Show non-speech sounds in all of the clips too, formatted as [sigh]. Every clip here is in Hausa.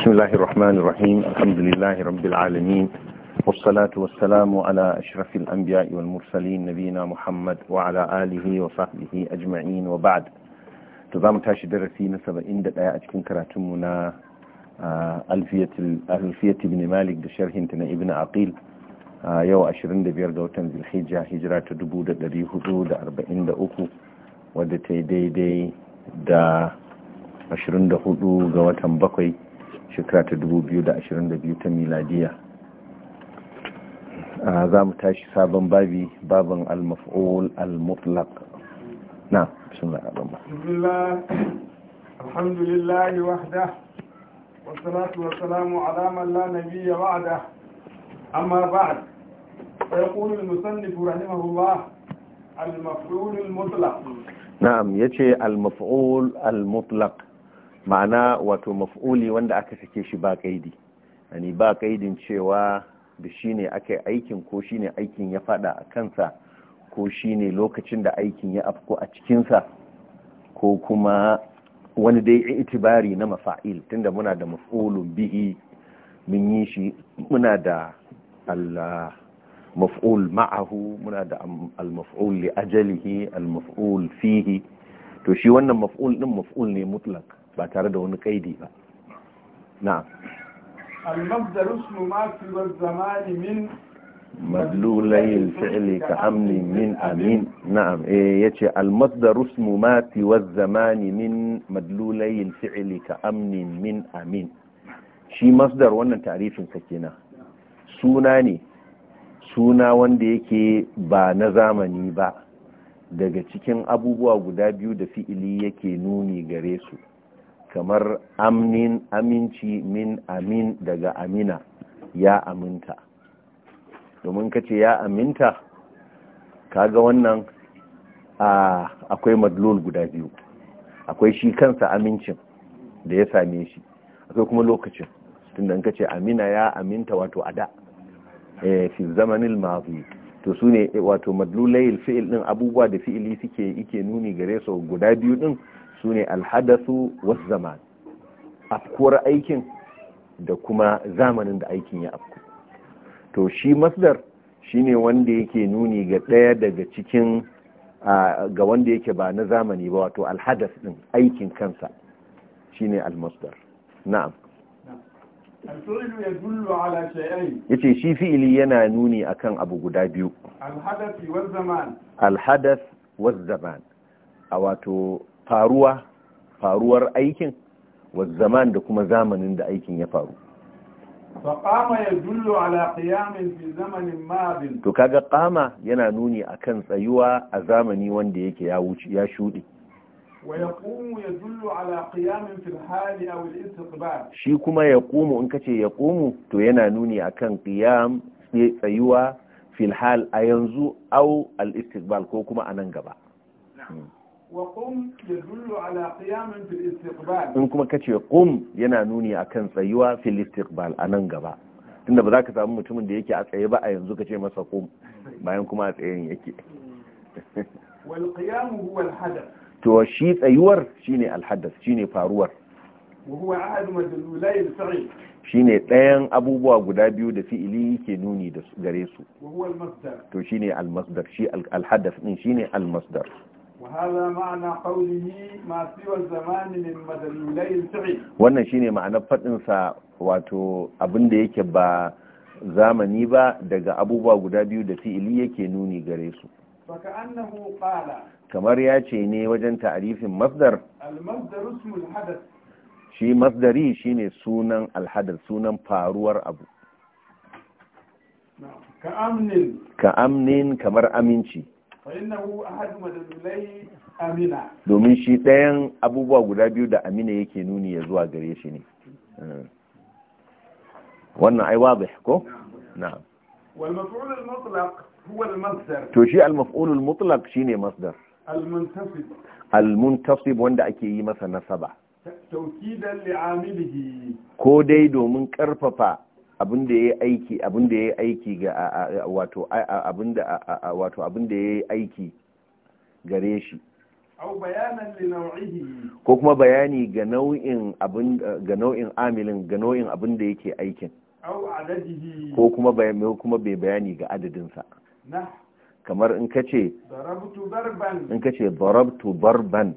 بسم الله الرحمن الرحيم الحمد لله رب العالمين والصلاة والسلام على أشرف الأنبياء والمرسلين نبينا محمد وعلى آله وصحبه أجمعين وبعد تضام تاشي درسي نسبة إن دقاء أجكن كراتمنا ألفية, ألفية بن مالك دشرح انتنا ابن عقيل يو أشرين دبير دوتن ذي الحجة هجرة دبودة دري حدود أربعين دأكو ودتي دي دي دا أشرين دا حدود غواتن بقي shekara ta 2022 ta miladiya a za mu tashi sabon babi babin al-maf'ul al-mutlaq na bismillah ar-rahman alhamdulillah wahda wassalatu wassalamu ala man la nabiyya ba'da amma ba'd al-maf'ul al-mutlaq na'am yace al-maf'ul al-mutlaq ma'ana wato maf'uli wanda aka sake shi ba kaidi yani ba kaidin cewa da shi ne aka aikin ko shi ne aikin ya fada a kansa ko shi ne lokacin da aikin ya afko a cikinsa ko kuma wani dai itibari na mafa'il tunda muna da maf'ulun bihi mun yi shi muna da Allah maf'ul ma'ahu muna da al-maf'ul li ajalihi al-maf'ul fihi to shi wannan maf'ul din maf'ul ne mutlak ba tare da wani kaidi ba na almasdar usmu ma fi wa zamani min madlulayi fi'ili eh, ka amni min amin shi masdar wannan tarifin ka ke na suna ne suna wanda yake ba na zamani ba daga cikin abubuwa guda biyu da fi'ili yake nuni gare su kamar amnin aminci min amin daga amina ya aminta domin ka ce ya aminta kaga wannan akwai madlul guda biyu akwai shi kansa amincin da ya same shi akwai kuma lokacin tunda in ka ce amina ya aminta wato ada eh, fi zamanin mafi to su ne wato madlulayil fi'il din abubuwa da fi'ili suke ike nuni gare su guda biyu din su ne alhadasu wasu zaman afkuwar aikin da kuma zamanin da aikin ya afku to shi masdar shine wanda yake nuni ga ɗaya daga cikin ga wanda yake ba na zamani ba wato alhadas din aikin kansa shine almasdar na'am yace shi fi'ili yana nuni akan abu guda biyu alhadas wasu zaman a wato faruwa faruwar aikin wa zaman da kuma zamanin da aikin ya faru فقام ya dullo قيام fi zamanin ماض to kaga qama yana nuni akan tsayuwa a zamani wanda yake ya wuce ya shude wa yaqumu yadullu ala qiyam fi al-hal aw al-istiqbal shi kuma yaqumu in kace yaqumu to yana nuni akan qiyam ƙiyam tsayuwa fil hal a yanzu aw al-istiqbal ko kuma anan gaba na'am in kuma ka ce ƙum yana nuni a kan tsayuwa fil istiqbal a nan gaba tunda ba za ka samu mutumin da yake a tsaye ba a yanzu ka ce masa ƙum bayan kuma a tsayen yake to shi tsayuwar shine alhadas shine faruwar shine ɗayan abubuwa guda biyu da fi'ili yake nuni da gare su to shine almasdar shi alhadas din shine almasdar وهذا معنى قوله ما سوى الزمان من مدلولي الفعل wannan shine ma'anar fadin sa wato abin da yake ba zamani ba daga abubuwa guda biyu da fi'ili yake nuni gare su kamar ya ce ne wajen ta'arifin masdar shi masdari shine sunan alhadar sunan faruwar abu ka amnin kamar aminci domin shi ɗayan abubuwa guda biyu da amina yake nuni ya zuwa gare shi ne wannan ai wabe ko na'am to shi al-maf'ulul mutlaq shine masdar al-muntasib al-muntasib wanda ake yi masa nasaba tawkidan li'amilihi ko dai domin karfafa abin da ya aiki abin da ya aiki ga wato abin da wato abin da ya aiki gare shi ko kuma bayani ga nau'in abin ga nau'in amilin ga nau'in abin da yake aikin ko kuma bayani kuma bai bayani ga adadinsa kamar in kace in kace darabtu barban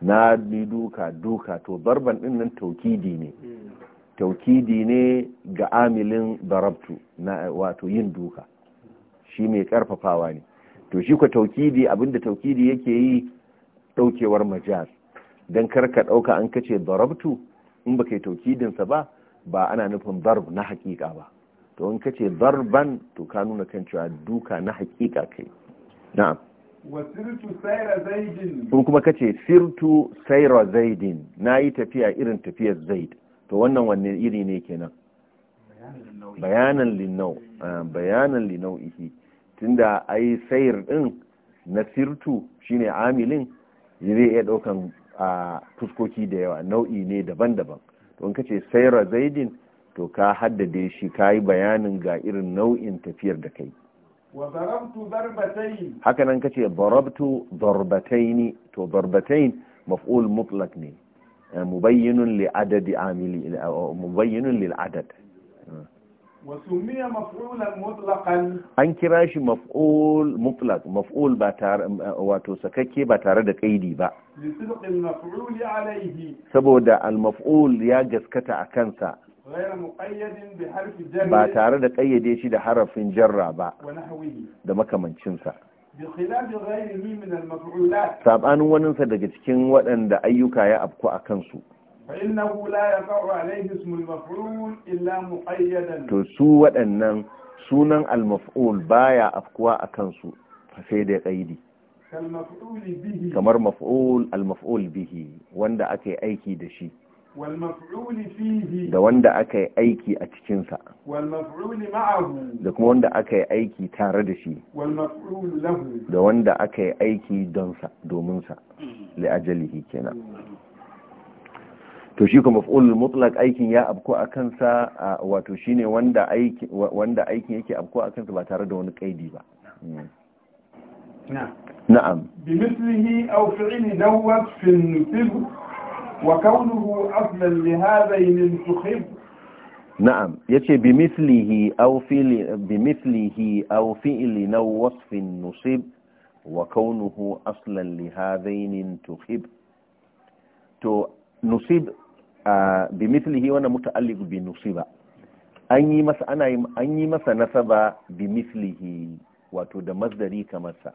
na duka duka to barban din nan taukidi ne hmm. taukidi ne ga amilin barabtu na wato yin duka shi mai karfafawa ne to shi ku taukidi abinda taukidi yake yi daukewar majaz don karka dauka an kace barabtu in baka yi taukidinsa ba ba ana nufin darb na hakika ba to in kace darban to ka nuna kan cewa duka na hakika kai na'am wasirtu sayra zaidin kuma kace sirtu sayra zaidin nayi tafiya irin tafiyar zaid to wannan wanne iri ne kenan bayanan linau ah, bayanan linau ihi tunda ai sayar din na sirtu shine amilin zai iya daukan fuskoki da yawa nau'i ne daban-daban to in kace sayra zaidin to ka haddade shi ka bayanin ga irin nau'in tafiyar da kai wa haka nan kace barabtu darbatayn to darbatayn maf'ul mutlaq ne Eh, mubayyinun li adadi amili eh, mubayyinun lil adad an kira shi maf'ul mutlaq maf'ul ba tare eh, wato sakakke ba tare da kaidi ba saboda al maf'ul ya gaskata a kansa ba tare da kayyade shi da harafin jarra ba da makamancinsa saɓanin waninsa daga cikin waɗanda ayyuka ya afku a kansu to su waɗannan sunan almaf'ul baya afkuwa a kansu sai da ƙaidi kamar maf'ul almaf'ul bihi wanda aka yi aiki da shi da wanda aka yi aiki a cikinsa da kuma wanda aka yi aiki tare da shi da wanda aka yi aiki dominsa li'ajalihi kenan to shi kuma maf'ulul mutlak aikin ya abko a kansa wato shi ne wanda aikin yake abko a kansa ba tare da wani kaidi ba na'am bi mislihi aw fi'li dawwat fi وكونه أفضل لهذين تخب نعم يتي بمثله أو في بمثله أو في لنو وصف نصب وكونه أصلا لهذين تخب تو نصب آه، بمثله وأنا متألق بنصب أني مس أنا أني مس نصب بمثله وتود مصدري كمثل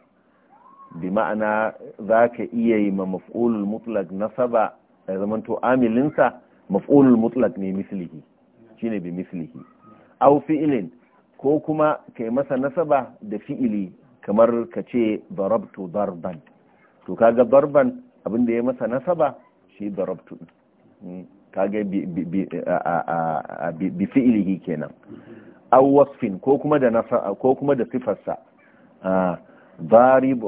بمعنى ذاك إيه مفعول مطلق نصب ya zama to amilinsa maf'ulul mutlaq ne mislihi shine bi mislihi aw fi'lin ko kuma kai masa nasaba da fi'ili kamar ka ce darabtu darban to kaga darban abin da ya masa nasaba shi darabtu hmm. kaga bi fi'ilihi kenan aw wasfin ko kuma da nasaba ko kuma da sifarsa ah, darib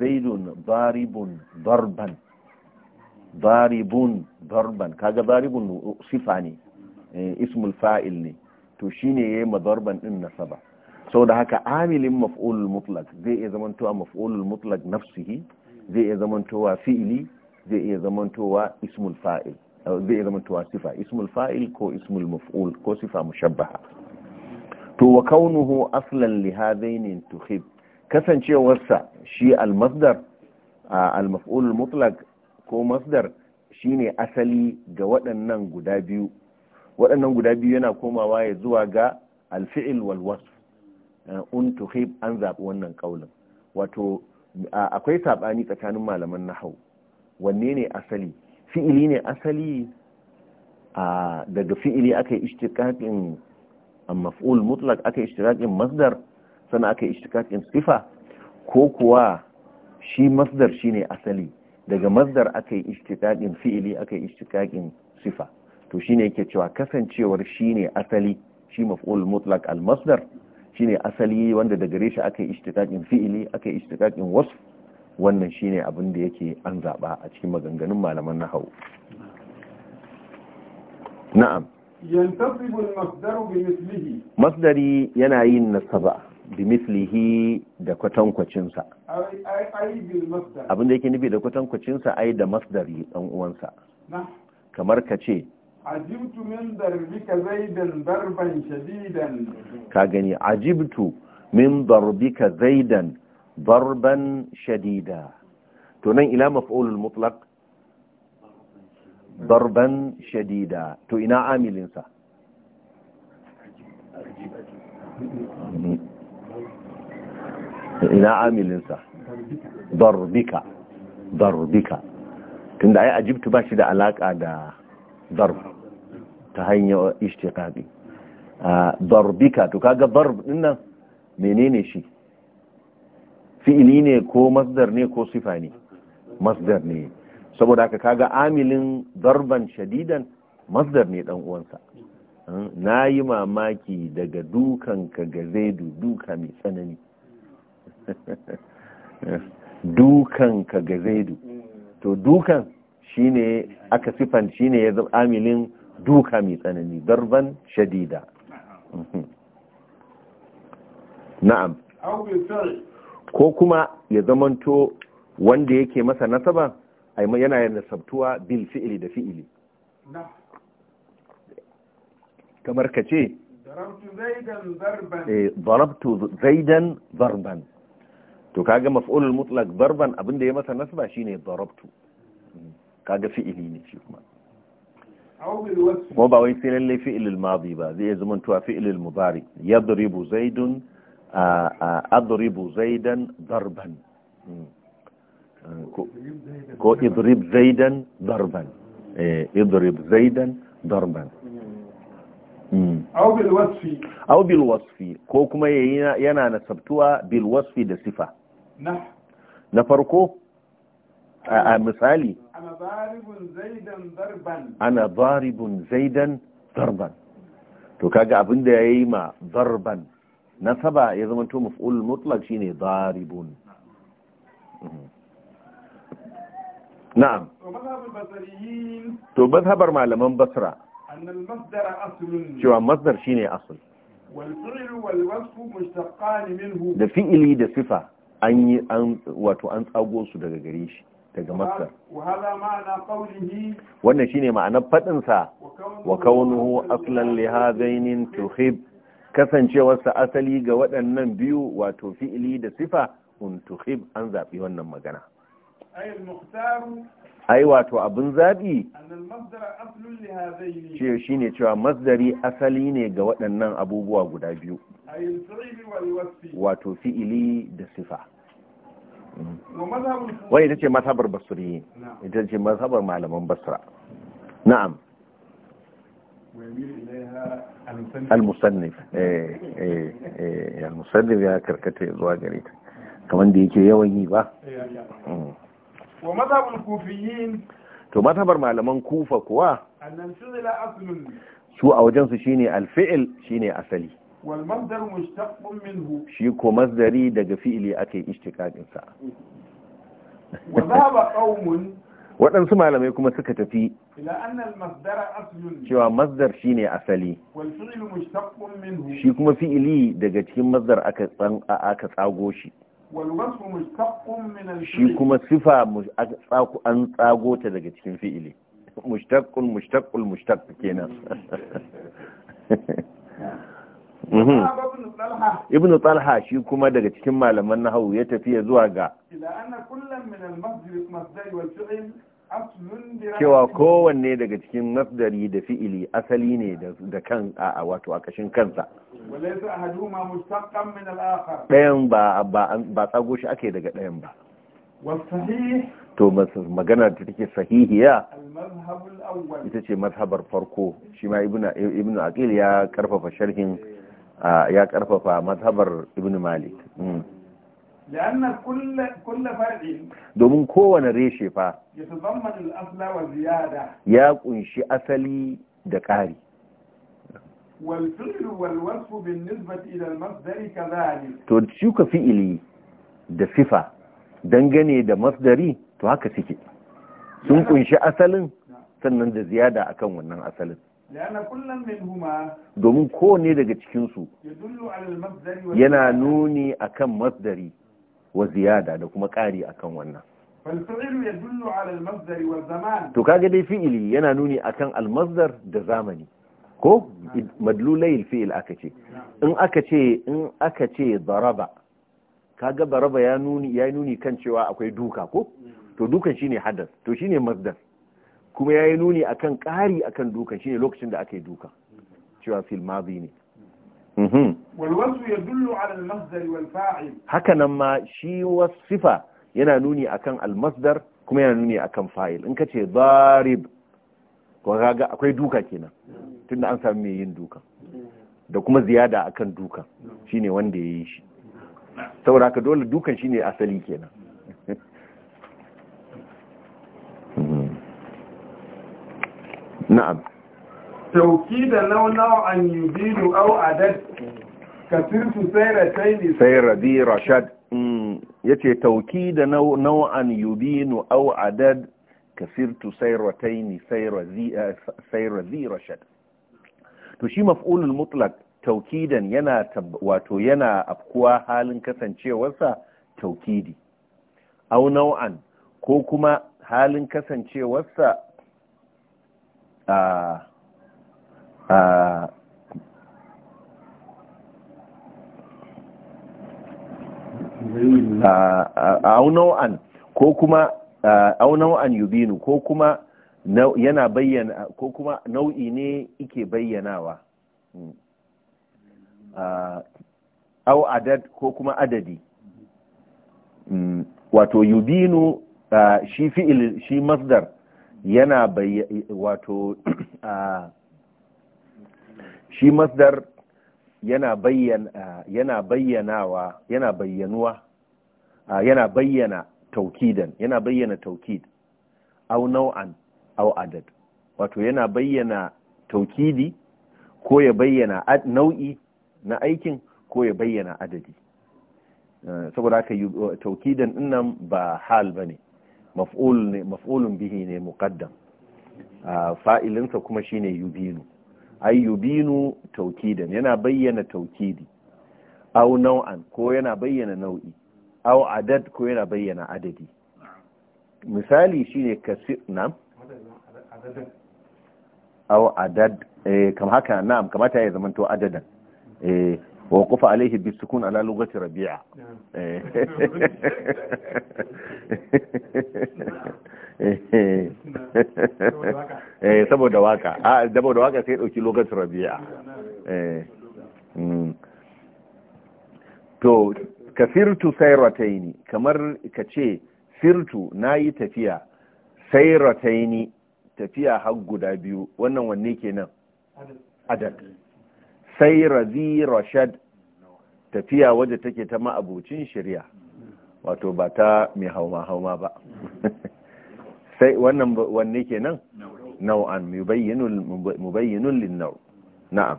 zaidun daribun darban baribun darban kaga baribun sifa ne eh, ismul fa'il ne to shine yayi madarban din nasaba saboda haka amilin maf'ulul mutlaq zai iya zamantowa maf'ulul mutlaq nafsihi zai iya zamantowa fi'ili zai iya zamantowa ismul fa'il eh, zai iya zamantowa sifa ismul fa'il ko ismul maf'ul ko sifa mushabbaha to wa kaunuhu aslan li hadaini tuhib kasancewarsa shi al-masdar al-maf'ul mutlaq ko masdar shine asali ga waɗannan guda biyu waɗannan guda biyu yana komawa ya zuwa ga alfi'il wal wasf uh, un tuhib an zaɓi wannan ƙaunin wato akwai saɓani tsakanin malaman nahau wanne ne asali fi'ili ne asali daga fi'ili aka yi ishtiƙaƙin maf'ul mutlak aka yi ishtiƙaƙin masdar sannan aka yi ishtiƙaƙin sifa ko kuwa shi masdar shine asali daga masdar aka yi ishtiqaqin fi'ili aka yi ishtiqaqin sifa to shine yake cewa kasancewar shi ne asali shi maf'ul mutlak al masdar ne asali wanda daga gare shi aka yi ishtiqaqin fi'ili aka yi ishtiqaqin wasf wannan shi abin da yake an zaba a cikin maganganun malaman nahwu na'am yantabu masdaru bi mislihi masdari yana yin nasaba bimislihi da kwatankwacinsa Abinda da yake nufi da kwatankwacinsa ai da masdari dan uwansa kamar ka ce ajibtu min darbika zaidan darban shadidan ka gani ajibtu min darbika zaidan darban shadida to nan ila maf'ulul mutlaq darban shadida to ina amilinsa ina amilinsa darbika darbika tunda ai ajibtu ba shi da alaka da darb ta hanyar ishtiqaqi darbika to kaga darb dinnan menene shi fi'ili ne ko masdar ne ko sifa ne masdar ne saboda haka kaga amilin darban shadidan masdar ne dan uwansa hmm, na yi mamaki daga dukan ka ga zaidu duka mai tsanani dukan ka ga zaidu mm. to dukan shine aka sifan shine ya zama amilin duka mai tsanani darban shadida mm-hmm. na'am ko kuma ya zamanto wanda yake masa nasaba yana yana sabtuwa bil fi'ili da fi'ili kamar ka ce darabtu zaidan zarban eh, to kaga maf'ulul mutlaq darban abinda ya masa nasba shine darabtu kaga fi'ili ne shi kuma kuma ba wai sai lalle fi'ilul madi ba zai zama tuwa fi'ilul mudari yadribu zaidun adribu zaidan darban hmm. ko idrib zaidan darban eh, idrib zaidan darban hmm. au bil wasfi ko kuma yana nasabtuwa bil wasfi da sifa na farko a misali ana zaribun zaidan zarban to kaga abin da ya yi ma zarban na saba ya zama to maf'ul mutlaq shine zaribun mhm. na'am to mazhabar malaman basra cewa masdar shine asl da fi'ili da sifa an yi an wato an tsago su daga gare shi daga makka wannan shine ma'anar faɗinsa wa kaunuhu aslan li hadainin tuhib kasancewarsa asali ga waɗannan biyu wato fi'ili da sifa un tuhib an zaɓi wannan magana ai wato abin zaɓi ce shi cewa masdari asali ne ga waɗannan abubuwa guda biyu wato fi'ili da sifa wai ita ce mazhabar basri ita ce masabar malaman basra na'am al-musannif eh eh, eh eh al-musannif ya karkata zuwa gare ta kamar da yake yawan yi ba mm. wa mazhabul kufiyyin to mazhabar malaman kufa kuwa annan su a wajen su shine al-fi'l shine asali wal masdar mushtaqun minhu shi ko masdari daga fi'ili ake ishtiqaqin sa waɗansu malamai kuma suka tafi cewa masdar shi ne asali shi kuma fi'ili daga cikin masdar aka tsago shi shi kuma sifa an tsago ta daga cikin fi'ili mushtaqun mushtaqul mushtaq kenan [laughs] Mhm. ibn talha shi kuma daga cikin malaman nahawu ya tafiya zuwa ga cewa kowanne daga cikin masdari da fi'ili asali ne da kan a wato a kashin kansa ɗayan ba tsago shi ake daga ɗayan ba to magana ta take sahihiya ita ce mazhabar farko shi ma ibn aqil ya karfafa sharhin ya karfafa mazhabar ibn malik domin kowane reshe fa ya kunshi asali da ƙari to shuka fi'ili da sifa dangane da masdari to haka suke sun kunshi asalin sannan da ziyada akan wannan asalin domin kowane daga cikinsu yana nuni akan masdari wa ziyada da kuma ƙari akan wannan to kaga dai fi'ili yana nuni akan almasdar da zamani ko madlulai fi'il aka ce in aka ce in aka ce kaga baraba ya nuni ya nuni kan cewa akwai duka ko to dukan shine hadas to shine masdar kuma ya yi nuni akan ƙari akan dukan shine lokacin da aka yi duka cewa fil mazi ne mhm. haka nan ma shi والفاعل yana nuni akan almasdar kuma yana nuni akan fa'il in kace darib to kaga akwai duka kenan tunda an samu mai yin duka da kuma ziyada akan duka shine wanda ya yi shi saboda haka dole dukan shine asali kenan na'am توكيدا لو نوعا يزيد او عدد كثرت سيرتين سير دي رشد yace tauki nau'an yubinu au adad kasirtu sai sayra zi sayra zi rashad to shi maf'ulul mutlaq taukidan yana wato yana afkuwa halin kasancewarsa taukidi au nau'an ko kuma halin kasancewarsa a a aunau'an ko kuma yubinu ko kuma yana bayyana ko kuma nau'i ne ike bayyanawa hmm. au adad ko kuma adadi hmm. wato yubinu shi fi'il shi masdar yana wato [clears throat] shi masdar yana bayyana yana bayyanawa yana bayyanuwa yana bayyana taukidan yana bayyana taukid au nau'an au adad wato yana bayyana taukidi ko ya bayyana nau'i na aikin ko ya bayyana adadi eh, saboda haka taukidan dinnan ba hal bane maf'ul maf'ulun bihi ne muqaddam fa'ilinsa kuma shine yubinu Ai yubinu taukidan yana bayyana taukidi aw nau'an ko yana bayyana nau'i aw adad ko yana bayyana adadi misali shine kasir nam aw adad eh, kam haka na'am kamata ya zamanto adadan eh wa qufa alaihi bisukun ala lughati rabi'a [laughs] eh saboda waka a ah, saboda waka sai dauki lokacin rabi'a eh mm. to kafirtu firtu sairataini kamar kace ce firtu nayi tafiya sairataini tafiya har guda biyu wannan wanne kenan adad sai rashad tafiya wadda take ta ma'abucin shirya wato ba ta mai hauma-hauma ba [laughs] sai wannan wanne kenan nau'an mubayyinun linnau na'am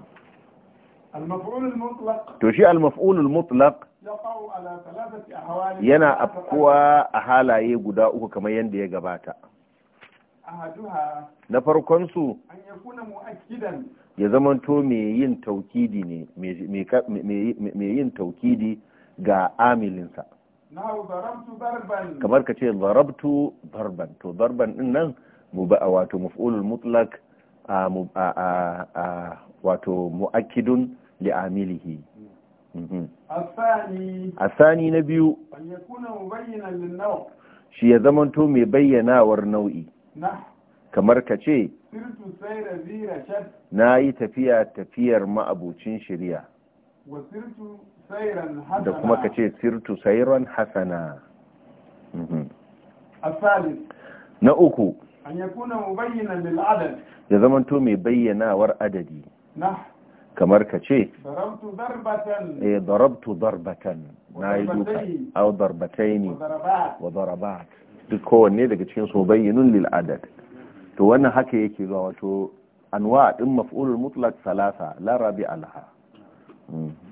to shi al-maf'ulul mutlaq yana afkuwa a halaye guda uku kamar yadda ya gabata na farkon su ya zamanto mai yin taukidi mai yin taukidi ga amilinsa kamar ka ce zarabtu barban to barban din nan wato maf'ulul mutlak wato mu'akidun li'amilihi mhm. sani na biyu shi ya zamanto mai bayyanawar nau'i kamar ka ce na yi tafiya tafiyar ma'abucin shirya da kuma ka ce sirtu hasana mhm. na uku ya zamanto mai bayyanawar adadi kamar ka ce darabtu darbatan eh, na yi duka au darbatai ne wa darabat duk kowanne daga cikin su bayyanun lil'adad to wannan haka yake zuwa wato anwa din maf'ulul mutlaq salasa la rabi alha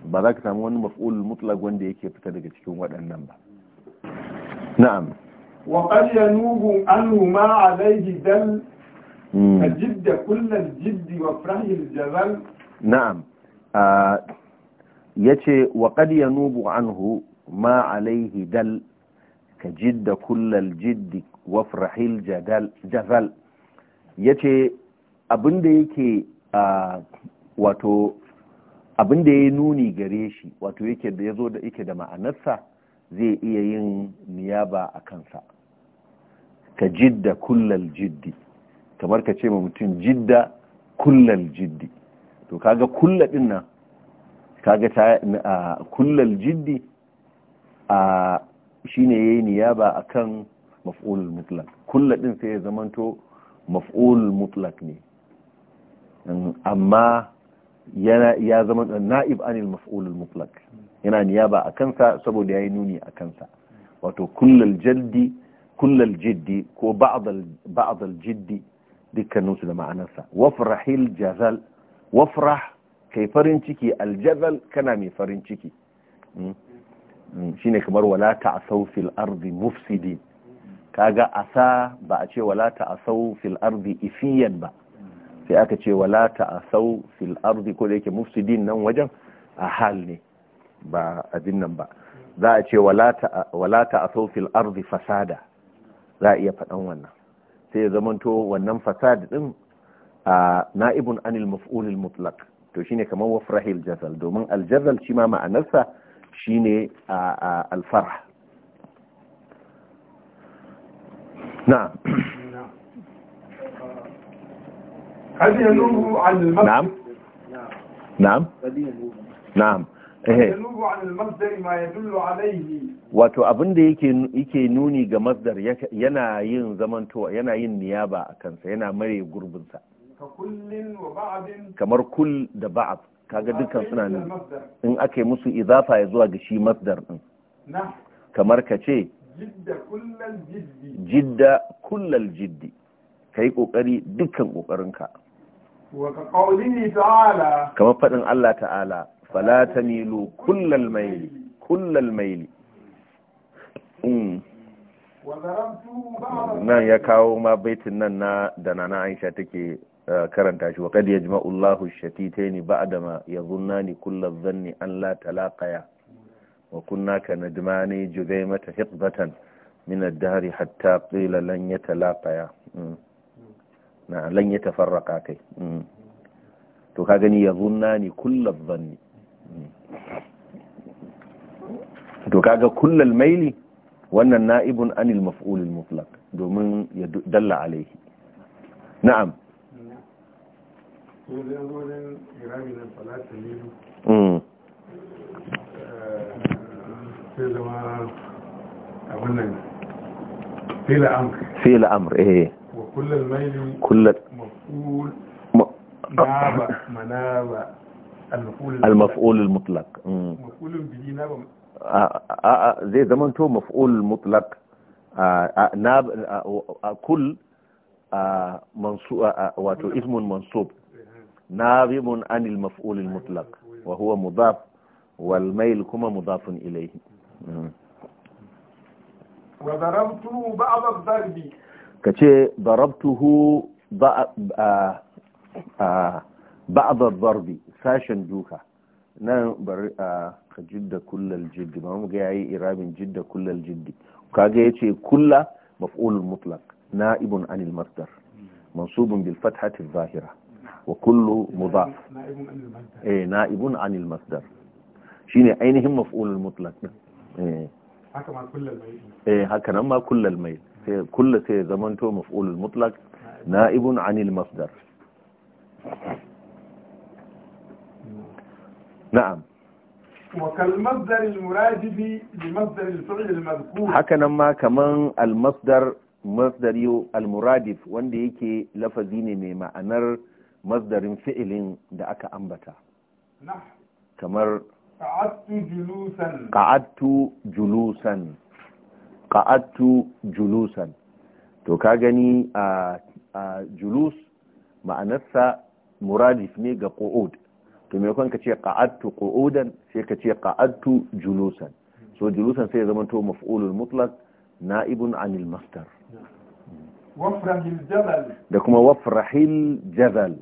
ba za ka samu wani maf'ul mutlak wanda yake fita daga cikin waɗannan ba na'am wa qalla yanubu anhu ma alayhi dal hmm. ajid kull al wa frahi al-jazal na'am ah, yace wa qad yanubu anhu ma alayhi dal ka jidda kullal jiddi wa frahil jazal yace abinda yake ah, wato abin da ya nuni gare shi wato yake da ya zo da yake da ma'anarsa zai iya yin niyaba a kansa ka jidda kullal jiddi kamar ka ce ma mutum jidda kullal jiddi to kaga kulla din nan kaga ta kullal jiddi a shine yayi niyaba akan maf'ul mutlaq kulla din sai ya zamanto maf'ul mutlaq ne amma ya zama na'ib anil maf'ulul mutlaq yana niyaba a kansa saboda yayi nuni a kansa wato kullal jaddi kullal jiddi ko ba'd al jiddi dukkanin su da ma'anarsa wafrahil jazal wafrah kai farin ciki al-jazal kana mai farin ciki hmm? Hmm, shine kamar wala ta'sau fil ardi mufsidin kaga asa ba a ce wala ta'sau fil ardi ifiyan ba sai aka ce wala ta'asau fil ardi ko da yake mufsidin nan wajen a hal ne ba abin nan ba za a ce wala ta'asau fil ardi fasada za a iya faɗan wannan sai ya zamanto wannan fasad din a na'ibun anil maf'ulil mutlaq to shine kamar wafrahil jazal domin aljazal shi ma ma'anarsa shine alfarah na نعم نعم نعم wato abin da yake nuni ga masdar yana yin zamantowa yana yin niyaba a kansa yana mare gurbinsa kamar kul da ba'ab kaga dukkan suna nan in ake musu izafa ya zuwa ga shi masdar din kamar ka ce jidda kullal jiddi ka yi ƙoƙari dukkan ƙoƙarinka kamar faɗin Allah ta'ala fala ta milu kullal maili kullal maili mm. nan ya kawo ma baitin nan na da nana aisha take uh, karanta shi wa kad yajma'u Allahu shatitaini ba'dama yazunnani kullal zanni an la talaqaya wa kunna kanadmani judaymata hiqbatan min ad-dahr hatta qila lan yatalaqaya mm. na lan ya tafarraka kai mm. to ka gani ya zunna ni kullal zanni mm. to kaga kullal maili wannan na'ibun anil maf'ulil mutlaq domin ya dalla alaihi na'am mm. eh, sai zama abin nan sai amur eh كل الميل كل مفعول م... نابة منابة المفعول المفعول المطلق مفعول بدي نابة آه، آآ آه، آآ آه، زي زمان تو مفعول مطلق ناب كل منصوب واتو اسم منصوب نابم عن المفعول المطلق وهو مضاف والميل كما مضاف اليه وضربت بعض الضرب ka ce a ba'adar barbi sashen duka nan bari a ka jidda kullal jiddi ba mu ga yayi irabin jidda kullal jiddi kaga yace kulla maf'ul mutlaq na'ibun anil masdar mansubun bil fathati zahira wa kullu mudaf eh na'ibun anil masdar shine ainihin maf'ul mutlaq eh haka ma kullal mai. eh haka nan ma kullal mail sai kulla sai ya zamanto maf'ulul mutlaq na'ibun anil masdar na'am وكالمصدر المراد بمصدر الفعل المذكور هكذا ما كمان المصدر مصدر المرادف wanda yake lafazi ne mai ma'anar masdarin fi'ilin da aka ambata kamar qa'adtu julusan qa'adtu julusan qa'adtu julusan to ka gani a julus ma'anarsa muradif ne ga qu'ud to me kan ka ce qa'attu qu'udan sai ka ce qa'attu julusan so julusan sai ya zama to maf'ulul mutlaq na'ibun anil masdar da kuma wafrahil jazal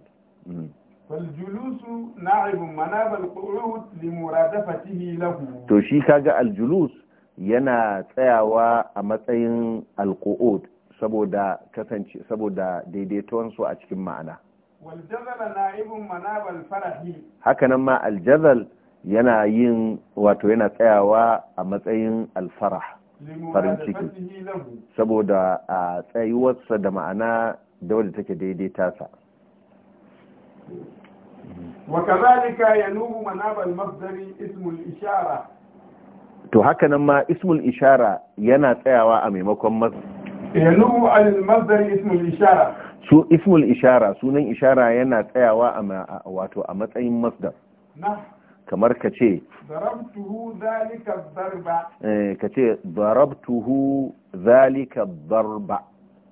فالجلوس نائب مناب القعود لمرادفته له to shi kaga aljulus yana tsayawa a matsayin alku'ud saboda kasance saboda su a cikin ma'ana hakanan ma aljazal yana yin wato yana tsayawa a matsayin alfara, farin ciki saboda a tsayuwarsa da ma'ana da wadda take daidaita sa ya ينوب مناب المصدر ismul ishara. to haka nan ma ismul ishara yana tsayawa a maimakon mas yalu eh, al masdar ismul ishara su ismul ishara sunan ishara yana tsayawa a wato a matsayin masdar kamar ka ce darabtuhu zalika darba eh ka ce darabtuhu zalika darba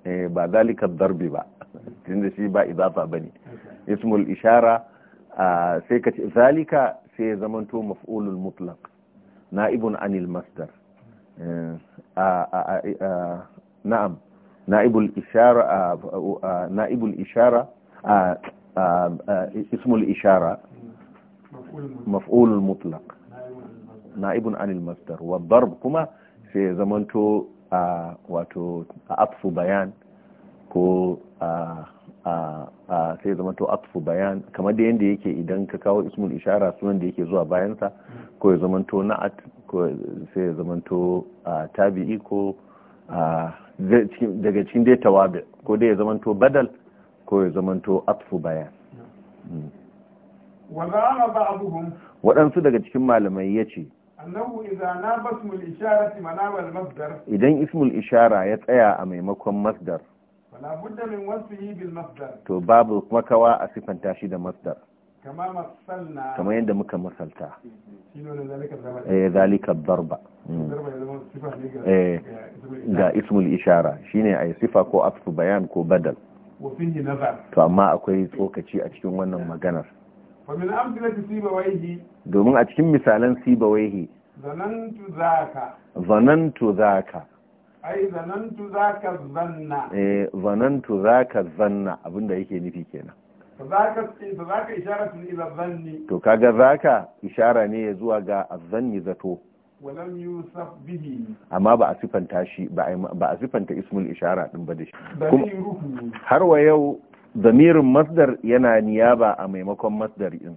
eh ba zalika darbi ba [laughs] tunda shi ba idafa bane ismul ishara ah, sai ka ce zalika sai zamanto maf'ulul mutlaq نائب عن المصدر آه، آه، آه، نعم نائب الإشارة نائب الإشارة اسم الإشارة مفعول مطلق نائب عن المصدر والضرب كما في زمانته wato a بيان bayan sai zama to atfu bayan kamar da yadda yake idan ka kawo ismul ishara sunan da yake zuwa bayansa ko ya zama to na'at ko sai ya zama to tabi'i ko daga cikin dai tawabi ko dai ya zama to badal ko ya zama to atfu bayan hmm. waɗansu daga cikin malamai ya ce idan ismul ishara ya tsaya a maimakon masdar to babu makawa a sifanta shi da masdar kama kamar yadda muka masalta eh zalika darba hmm. eh ga ismul ishara shine ay sifa ko afsu bayan ko badal to amma akwai tsokaci a cikin wannan maganar domin a cikin misalan sibawaihi zanantu zaka zanantu zaka ai zanantu za ka zanna eh zanantu za ka zanna abinda yake nufi kenan zaka isharatu ila zanni to kaga zaka ishara ne zuwa ga zanni zato walam yusaf bihi amma ba a sifanta shi ba a sifanta ismul ishara din ba da shi har wa yau damirin masdar yana niyaba a maimakon masdar din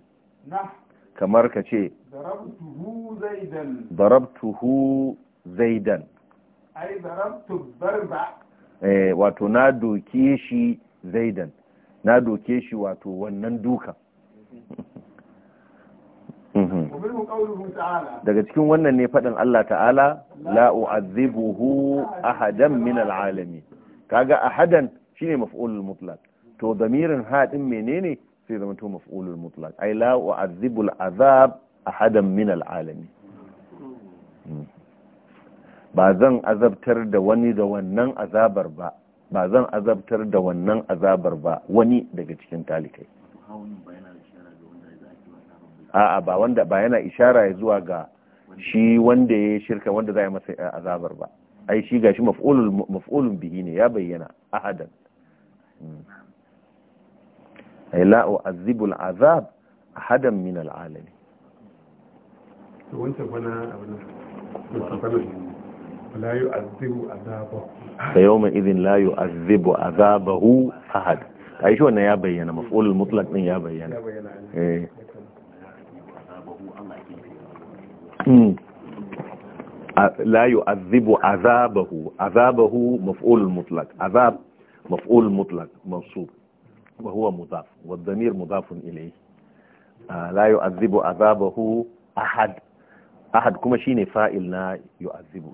kamar ka ce darabtuhu zaidan darabtuhu zaidan Eh, wato na doke shi zaidan na doke shi wato wannan duka [laughs] mhm. daga cikin wannan ne faɗin Allah ta'ala a ahadan min al'alami kaga ahadan shine maf'ulul mutlaq to damirin haɗin menene sai zama to maf'ulul mutlaq ai la'u'azzibul azab ahadan min al'alami ba zan azabtar da wani da wannan azabar ba ba zan azabtar da wannan azabar ba wani daga cikin talikai a'a ba wanda ba yana ishara ya zuwa ga shi wanda ya shirka wanda za a yi masa eh, azabar ba ai shi gashi maf'ulun bihi ne ya bayyana ahadan hmm. ai la azibul azab ahadan min al'alami wancan fana abin لا يؤذب عذابه فيوم إذن لا يؤذب عذابه أحد أي شو أنه يا بيانا مفعول المطلق من يا بيانا إيه. لا يؤذب عذابه عذابه مفعول المطلق عذاب مفعول المطلق منصوب وهو مضاف والضمير مضاف إليه لا يؤذب عذابه أحد أحد كما شيني فائل لا يعذبه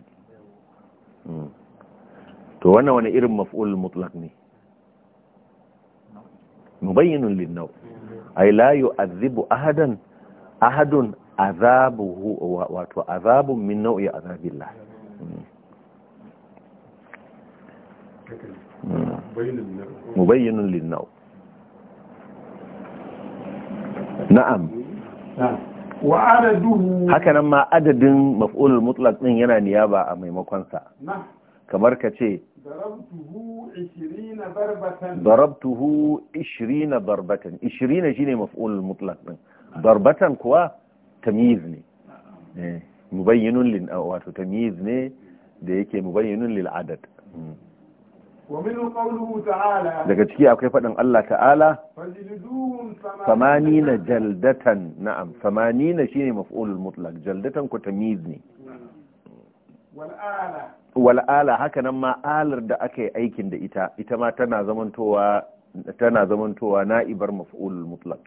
Hmm. to wannan wani irin maf'ul mutlaq ne mubayyinun linnaw ay la yu'adhibu ahadan ahadun azabuhu wato azabun min nau'i azabillah hmm. Hmm. mubayyinun linnaw na'am wa adaduhu hakanan ma adadin maf'ulul mutlaq din yana niyaba a maimakon sa kamar ka ce darabtuhu 20 darbatan 20 shine maf'ulul mutlaq din darbatan kuwa tamyiz ne eh, mubayyinun wato tamyiz ne da yake mubayyinun lil adad hmm. daga ciki akwai faɗin Allah ta'ala samanina jaldatan na'am samanina ne maf'ulul mutlak jaldatan ku tamiz ne wal'ala haka nan ma alar da aka yi aikin da ita ita ma tana zamantowa na'ibar maf'ulul mutlak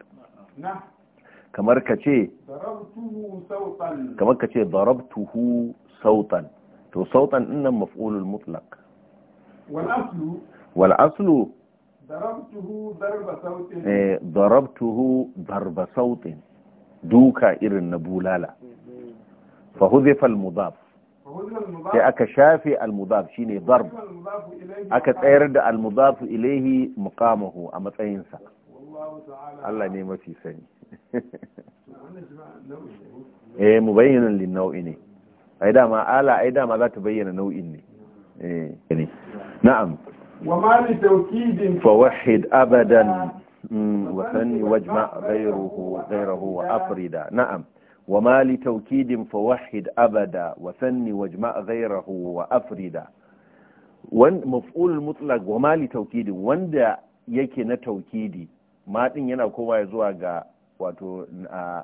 kamar ka ce kamar ka ce darabtuhu sautan to sautan dinnan maf'ulul mutlak wal aslu darabtuhu darba sautin duka irin na bulala fa huzifa al sai aka shafe al-mudaf shine darb aka tsayar da al-mudaf ilaihi muqamahu a matsayinsa Allah ne mafi sani eh mubayyinan lin nau'i ne ai dama ala ai dama za ta bayyana nau'in ne Eh. na'am وما لتوكيد فوحد أبدا وثني واجمع غيره غيره وأفرد نعم وما لتوكيد فوحد أبدا وثني واجمع غيره wa mali ah. ah. taukidi wanda yake na taukidi ma yana kowa zuwa ga wato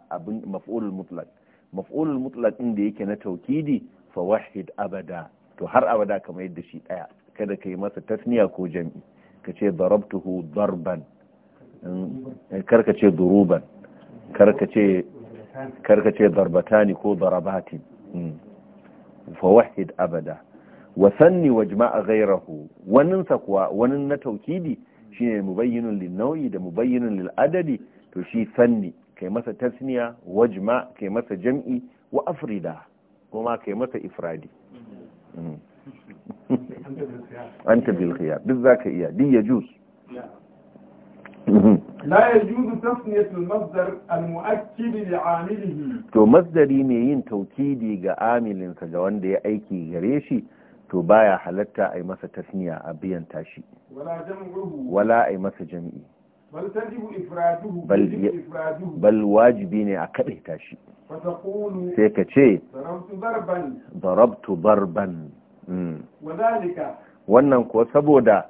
abin maf'ul mutlaq maf'ul mutlaq din da yake na taukidi fa wahid abada to har abada ka mayar da shi daya kada ka yi masa tasniya ko jam'i ka ce darabtuhu darban hmm? karka ce duruban karka ce ce darbatani ko darabatin hmm. fa wahid abada wa sanni wajma'a gairahu, wannan sa kuwa wannan na taukidi shine mubayyinun lin nau'i da mubayyinun lil adadi to shi sanni kai masa tasniya wajma kai masa jam'i wa afrida kuma kai masa ifradi Mm. [laughs] anta bil khiyar duk zaka iya din ya juz لا يجوز تصنية المصدر المؤكد لعامله to masdari mai yin taukidi ga amilinsa ga wanda ya aiki gare shi to baya halatta a yi masa tasniya a biyan tashi wala a yi masa jam'i bal wajibi ne a kaɗe tashi sai ka ce darabtu barban hmm. wannan ko saboda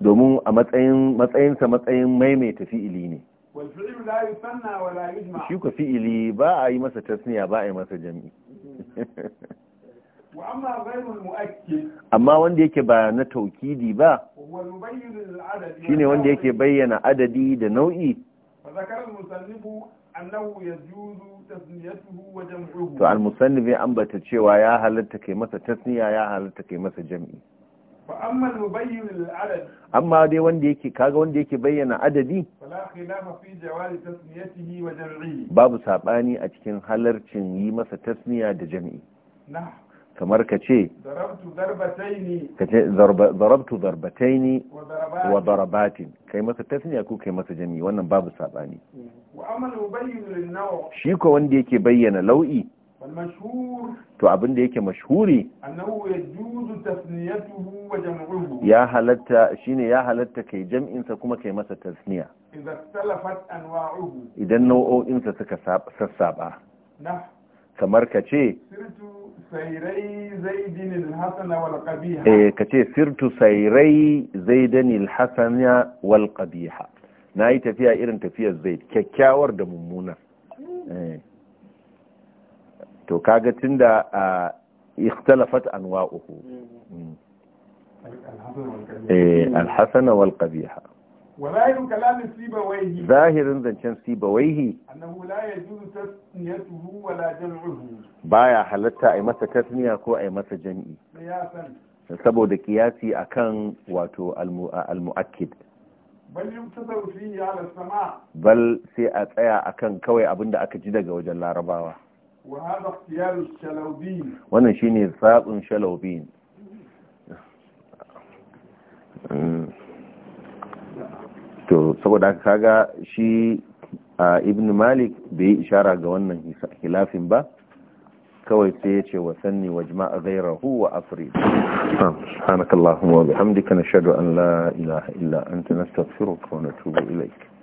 domin a matsayin matsayinsa matsayin maimaita fi'ili ne shi ku fi'ili ba a yi masa tasniya ba a yi masa jami'i amma wanda yake ba na taukidi ba shi ne wanda yake bayyana adadi da nau'i to al-musannifi an bata cewa ya halatta kai masa tasniya ya halatta kai masa jami'i amma dai wanda yake kaga wanda yake bayyana adadi babu sabani a cikin halarcin yi masa tasniya da jami'i. kamar ka ce zarabtu darbataini wa darabatin kai masa tasniya ko kai masa jami wannan babu sabani shi ko wanda yake bayyana lau'i to abin da yake mashhuri ya halatta shine ya halatta kai jam'insa kuma kai masa tasniya idan nau'o'insa suka sassaba kamar ka ce eh ka sirtu sairai zaidanil hasana wal qabiha na yi tafiya irin tafiyar zaid kyakkyawar da mummuna eh. to kaga tunda a ikhtalafat mm. mm. an eh al wal وظاهر كلام سيبويه ظاهر زنشن سيبويه أنه لا يجوز تثنيته ولا جمعه بايا حلتا أي مسا تثنية كو أي مسا جمعي قياسا سبو أكان واتو المؤكد bal sama bal sai a tsaya kan kawai abinda aka ji daga wajen larabawa wa hada ikhtiyaru zaɓin shalobin. to saboda kaga shi a ibn malik bai yi ishara ga wannan hilafin ba kawai sai ya ce wasanni wa jima'a gairahu wa afri subhanakallahumma wa bihamdika nashhadu an la ilaha illa anta nastaghfiruka wa tuba ilaiki